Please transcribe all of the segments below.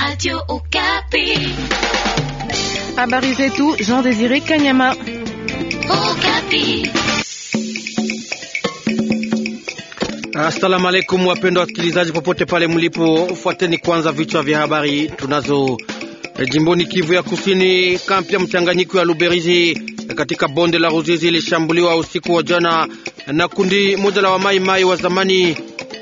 Radio Okapi. Habari zetu Jean Désiré Kanyama. Okapi. Assalamu alaikum wapendwa wasikilizaji popote pale mlipo, fuateni kwanza vichwa vya habari tunazo. E, jimboni Kivu ya Kusini, kampi ya mchanganyiko ya Luberizi e, katika bonde la Ruzizi ilishambuliwa usiku wa jana na kundi moja la wamaimai wa zamani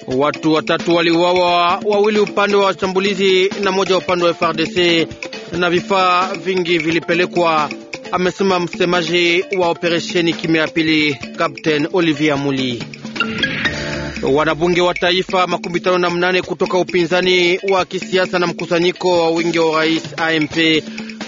Watu watatu waliuawa, wawili upande wa washambulizi na moja upande wa frdc na vifaa vingi vilipelekwa, amesema msemaji wa operesheni kimya ya pili, Captain Olivier Muli. Wanabunge wa taifa makumi tano na mnane kutoka upinzani wa kisiasa na mkusanyiko wa wingi wa rais AMP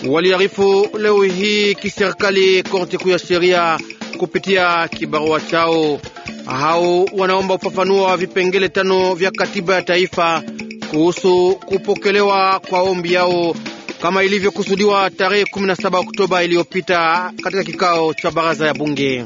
waliarifu leo hii kiserikali korti kuu ya sheria kupitia kibarua chao hao wanaomba ufafanuo wa vipengele tano vya katiba ya taifa kuhusu kupokelewa kwa ombi yao kama ilivyokusudiwa tarehe 17 Oktoba iliyopita katika kikao cha baraza ya bunge.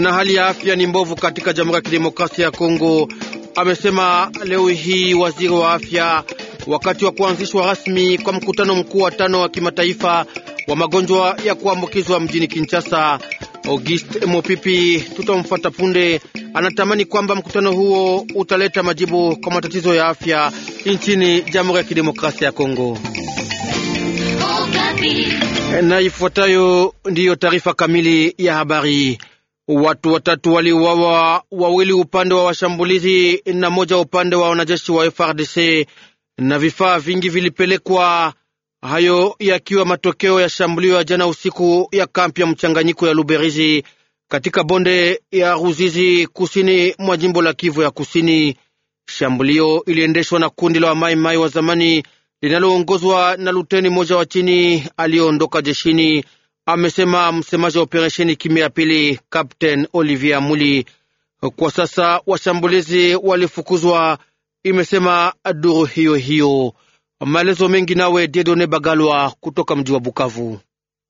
Na hali ya afya ni mbovu katika Jamhuri ya Kidemokrasia ya Kongo, amesema leo hii waziri wa afya wakati wa kuanzishwa rasmi kwa mkutano mkuu wa tano wa kimataifa wa magonjwa ya kuambukizwa mjini Kinshasa Auguste Mopipi tutamfuata punde, anatamani kwamba mkutano huo utaleta majibu kwa matatizo ya afya nchini Jamhuri ya Kidemokrasia ya Kongo. Na ifuatayo ndiyo taarifa kamili ya habari. Watu watatu waliuawa, wawili upande wa washambulizi na moja upande wa wanajeshi wa FRDC, na vifaa vingi vilipelekwa hayo yakiwa matokeo ya shambulio ya jana usiku ya kampi ya mchanganyiko ya Luberizi katika bonde ya Ruzizi kusini mwa jimbo la Kivu ya Kusini. Shambulio iliendeshwa na kundi la wamaimai wa zamani linaloongozwa na luteni moja wa chini aliyoondoka jeshini, amesema msemaji wa operesheni kimya ya pili, Captain Olivier Muli. Kwa sasa washambulizi walifukuzwa, imesema duru hiyo hiyo. Maelezo mengi nawe Diedone Bagalwa kutoka mji wa Bukavu.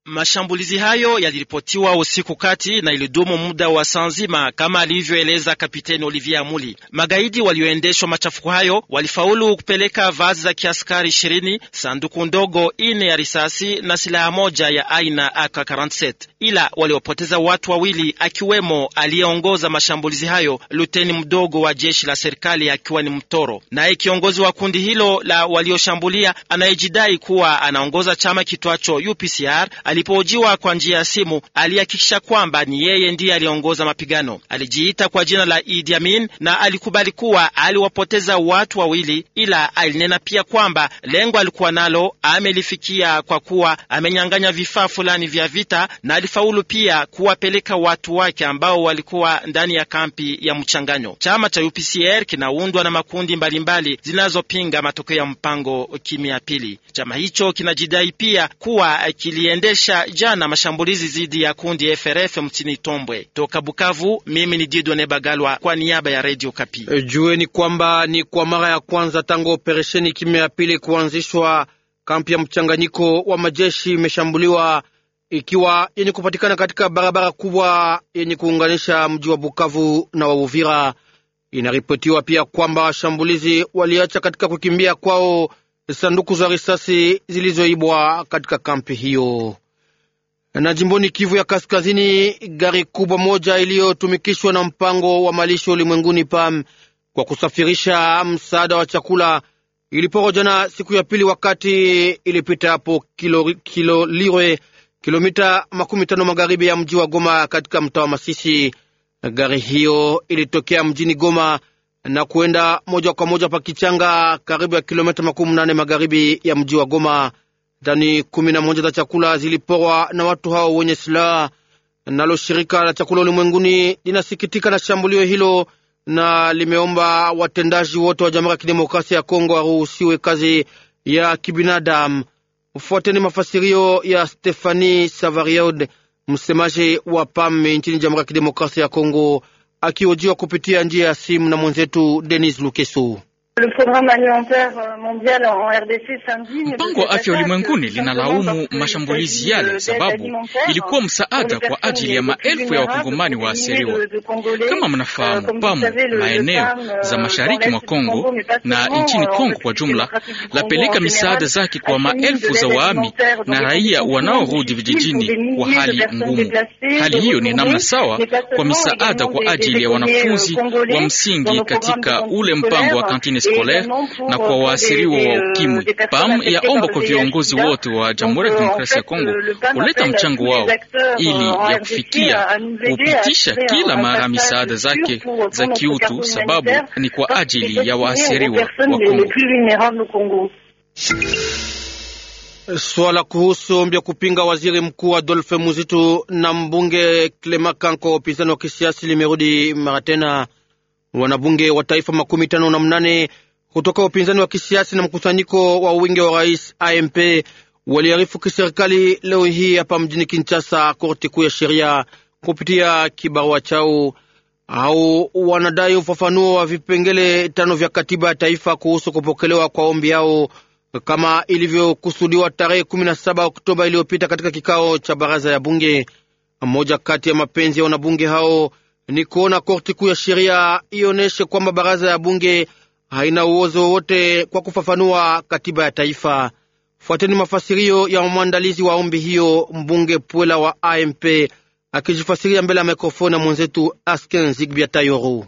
Mashambulizi hayo yaliripotiwa usiku kati na ilidumu muda wa saa nzima, kama alivyoeleza Kapiteni Olivier Amuli. Magaidi walioendeshwa machafuko hayo walifaulu kupeleka vazi za kiaskari ishirini, sanduku ndogo ine ya risasi na silaha moja ya aina AK47, ila waliopoteza watu wawili, akiwemo aliyeongoza mashambulizi hayo, luteni mdogo wa jeshi la serikali akiwa ni mtoro. Naye kiongozi wa kundi hilo la walioshambulia anayejidai kuwa anaongoza chama kitwacho UPCR Alipohojiwa kwa njia ya simu, alihakikisha kwamba ni yeye ndiye aliongoza mapigano. Alijiita kwa jina la Idi Amin na alikubali kuwa aliwapoteza watu wawili, ila alinena pia kwamba lengo alikuwa nalo amelifikia kwa kuwa amenyang'anya vifaa fulani vya vita, na alifaulu pia kuwapeleka watu wake ambao walikuwa ndani ya kampi ya mchanganyo. Chama cha UPCR kinaundwa na makundi mbalimbali zinazopinga matokeo ya mpango kimya pili. Chama hicho kinajidai pia kuwa kiliendesha kuanzisha jana mashambulizi dhidi ya kundi FRF mchini Tombwe. Toka Bukavu, mimi ni Didone Bagalwa kwa niaba ya Radio Kapi. E, jueni kwamba ni kwa mara ya kwanza tangu operesheni kimya ya pili kuanzishwa, kampi ya mchanganyiko wa majeshi imeshambuliwa ikiwa yenye kupatikana katika barabara kubwa yenye kuunganisha mji wa Bukavu na wa Uvira. Inaripotiwa pia kwamba washambulizi waliacha katika kukimbia kwao sanduku za risasi zilizoibwa katika kampi hiyo. Na jimboni Kivu ya Kaskazini, gari kubwa moja iliyotumikishwa na mpango wa malisho ulimwenguni PAM kwa kusafirisha msaada wa chakula iliporwa jana siku ya pili, wakati ilipita hapo kilo, kilo lirwe kilomita makumi tano magharibi ya mji wa Goma katika mtaa wa Masisi. Gari hiyo ilitokea mjini Goma na kuenda moja kwa moja pa Kichanga, karibu ya kilomita makumi nane magharibi ya mji wa Goma tani kumi na moja za chakula ziliporwa na watu hao wenye silaha. Nalo shirika la chakula ulimwenguni linasikitika na shambulio hilo na limeomba watendaji wote wa Jamhuri ya Kidemokrasia ya Kongo waruhusiwe kazi ya kibinadamu. Fuateni mafasirio ya Stefani Savariod, msemaji wa pam nchini Jamhuri ya Kidemokrasia ya Kongo, akihojiwa kupitia njia ya simu na mwenzetu Denis Lukesu. Le programme alimentaire euh, mondial en RDC samedi. Mpango wa afya ulimwenguni euh, linalaumu mashambulizi yale, sababu ilikuwa msaada kwa ajili ya maelfu ya wakongomani waathiriwa. Kama mnafahamu, euh, pamo maeneo za mashariki mwa Kongo na nchini Kongo kwa jumla lapeleka misaada zake kwa maelfu za waami na raia wanaorudi vijijini wa hali ngumu. Hali hiyo ni namna sawa kwa misaada kwa ajili ya wanafunzi wa msingi katika ule mpango wa kantini scolaire na kwa euh, waasiriwa wa ukimwi. Euh, PAM yaomba kwa viongozi wote wa Jamhuri ya euh, Demokrasia ya Kongo kuleta mchango wao ili ya kufikia kupitisha kila mara misaada zake za kiutu, sababu ni kwa ajili ya waasiriwa wa Kongo. Swala kuhusu ombi ya kupinga waziri mkuu Adolphe Muzitu na mbunge Clement Kanko, upinzani wa kisiasa limerudi mara tena wanabunge wa taifa makumi tano na mnane kutoka upinzani wa kisiasa na mkusanyiko wa wingi wa rais AMP waliarifu kiserikali leo hii hapa mjini Kinshasa korti kuu ya sheria kupitia kibarua chao au wanadai ufafanuo wa vipengele tano vya katiba ya taifa kuhusu kupokelewa kwa ombi yao kama ilivyokusudiwa tarehe 17 Oktoba iliyopita katika kikao cha baraza ya bunge. Mmoja kati ya mapenzi ya wanabunge hao ni kuona korti kuu ya sheria ionyeshe kwamba baraza ya bunge haina uwezo wowote kwa kufafanua katiba ya taifa. Fuateni mafasirio ya mwandalizi wa ombi hiyo, mbunge Pwela wa AMP akijifasiria mbele ya mikrofoni ya mwenzetu Asken Zigbia Tayoru.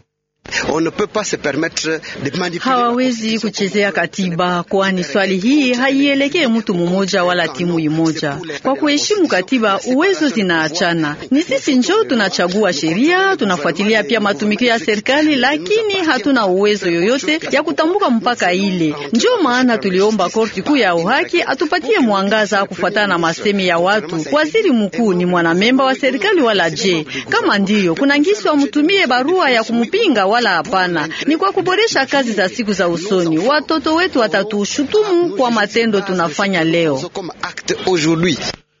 Hawawezi kuchezea katiba, kwani swali hii haielekee mtu mmoja wala timu imoja. Kwa kuheshimu katiba, uwezo zinaachana. Ni sisi njo tunachagua sheria, tunafuatilia pia matumikio ya serikali, lakini hatuna uwezo yoyote ya kutambuka mpaka ile. Njo maana tuliomba korti kuu ya uhaki atupatie mwangaza kufuatana na masemi ya watu. Waziri mkuu ni mwanamemba wa serikali wala je? Kama ndiyo, kuna ngisi wamtumie barua ya kumpinga wa wala hapana, ni kwa kuboresha kazi za siku za usoni. Watoto wetu watatushutumu kwa matendo tunafanya leo.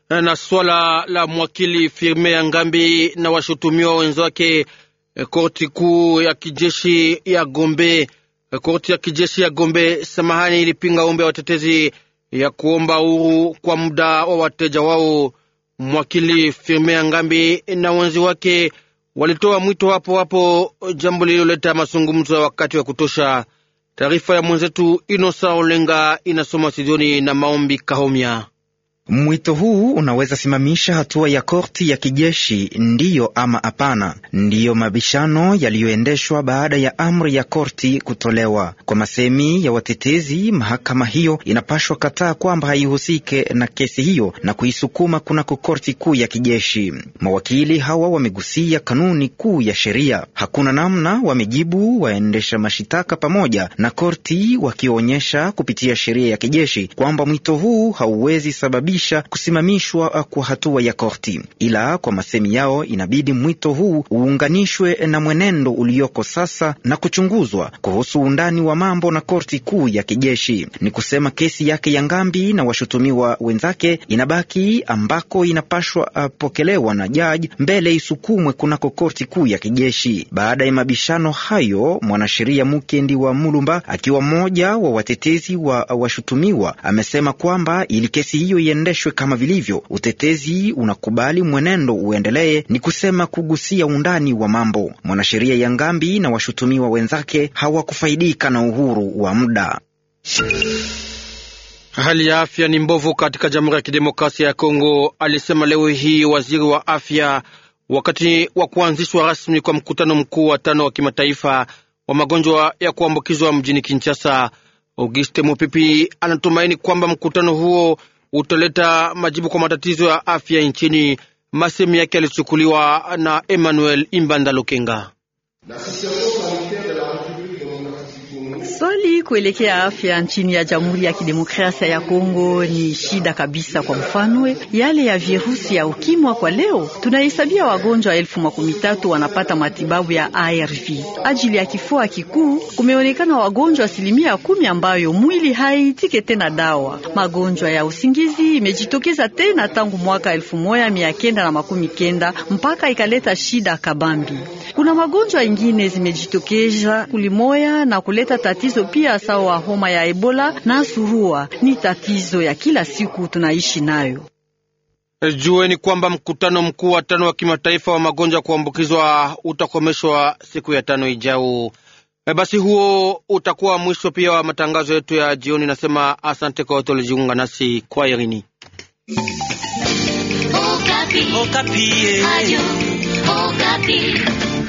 Na swala la mwakili Firme ya Ngambi na washutumiwa wake, eh, korti kuu ya kijeshi ya Gombe, eh, korti ya kijeshi ya Gombe, samahani, ilipinga ombi ya watetezi ya kuomba uhuru kwa muda wa wateja wao. Mwakili Firme ya Ngambi na wenzi wake walitoa mwito hapo hapo, jambo lililoleta masungumzo ya wakati wa kutosha. Taarifa ya mwenzetu Inosa Olenga inasoma Sidoni na Maombi Kahomya. Mwito huu unaweza simamisha hatua ya korti ya kijeshi, ndiyo ama hapana? Ndiyo mabishano yaliyoendeshwa baada ya amri ya korti kutolewa. Kwa masemi ya watetezi, mahakama hiyo inapashwa kataa kwamba haihusike na kesi hiyo na kuisukuma kunako korti kuu ya kijeshi. Mawakili hawa wamegusia kanuni kuu ya sheria, hakuna namna, wamejibu waendesha mashitaka pamoja na korti, wakionyesha kupitia sheria ya kijeshi kwamba mwito huu hauwezi sababisha kusababisha kusimamishwa uh, kwa hatua ya korti. Ila kwa masemi yao, inabidi mwito huu uunganishwe na mwenendo ulioko sasa na kuchunguzwa kuhusu undani wa mambo na korti kuu ya kijeshi. Ni kusema kesi yake ya Ngambi na washutumiwa wenzake inabaki ambako inapashwa uh, pokelewa na jaji mbele isukumwe kunako korti kuu ya kijeshi. Baada ya mabishano hayo, mwanasheria Mukendi wa Mulumba akiwa mmoja wa watetezi wa uh, washutumiwa amesema kwamba ili kesi hiyo iende uendeshwe kama vilivyo. Utetezi unakubali mwenendo uendelee, ni kusema kugusia undani wa mambo. Mwanasheria Yangambi na washutumiwa wenzake hawakufaidika na uhuru wa muda. Hali ya afya ni mbovu katika Jamhuri ya Kidemokrasia ya Kongo, alisema leo hii waziri wa afya wakati wa kuanzishwa rasmi kwa mkutano mkuu wa tano wa kimataifa wa magonjwa ya kuambukizwa mjini Kinshasa. Auguste Mupipi anatumaini kwamba mkutano huo utaleta majibu kwa matatizo ya afya nchini. Masemu yake yalichukuliwa na Emmanuel Imbanda Lukenga. Swali kuelekea afya nchini ya Jamhuri ya Kidemokrasia ya Kongo ni shida kabisa. Kwa mfano yale ya virusi ya ukimwa, kwa leo tunahesabia wagonjwa elfu makumi tatu wanapata matibabu ya ARV. Ajili ya kifua kikuu kumeonekana wagonjwa asilimia kumi ambayo mwili haitike tena dawa. Magonjwa ya usingizi imejitokeza tena tangu mwaka elfu moja mia kenda na makumi kenda mpaka ikaleta shida kabambi. Kuna magonjwa ingine zimejitokeza kulimoya na kuleta tatizo tatizo pia sawa homa ya Ebola na surua, ni tatizo ya kila siku tunaishi nayo. E, jueni kwamba mkutano mkuu wa tano wa kimataifa wa magonjwa kuambukizwa utakomeshwa siku ya tano ijao. E, basi huo utakuwa mwisho pia wa matangazo yetu ya jioni. Nasema asante kwa wote walijiunga nasi kwa irini. Okapi. Okapi. Eh. Ayu, Okapi.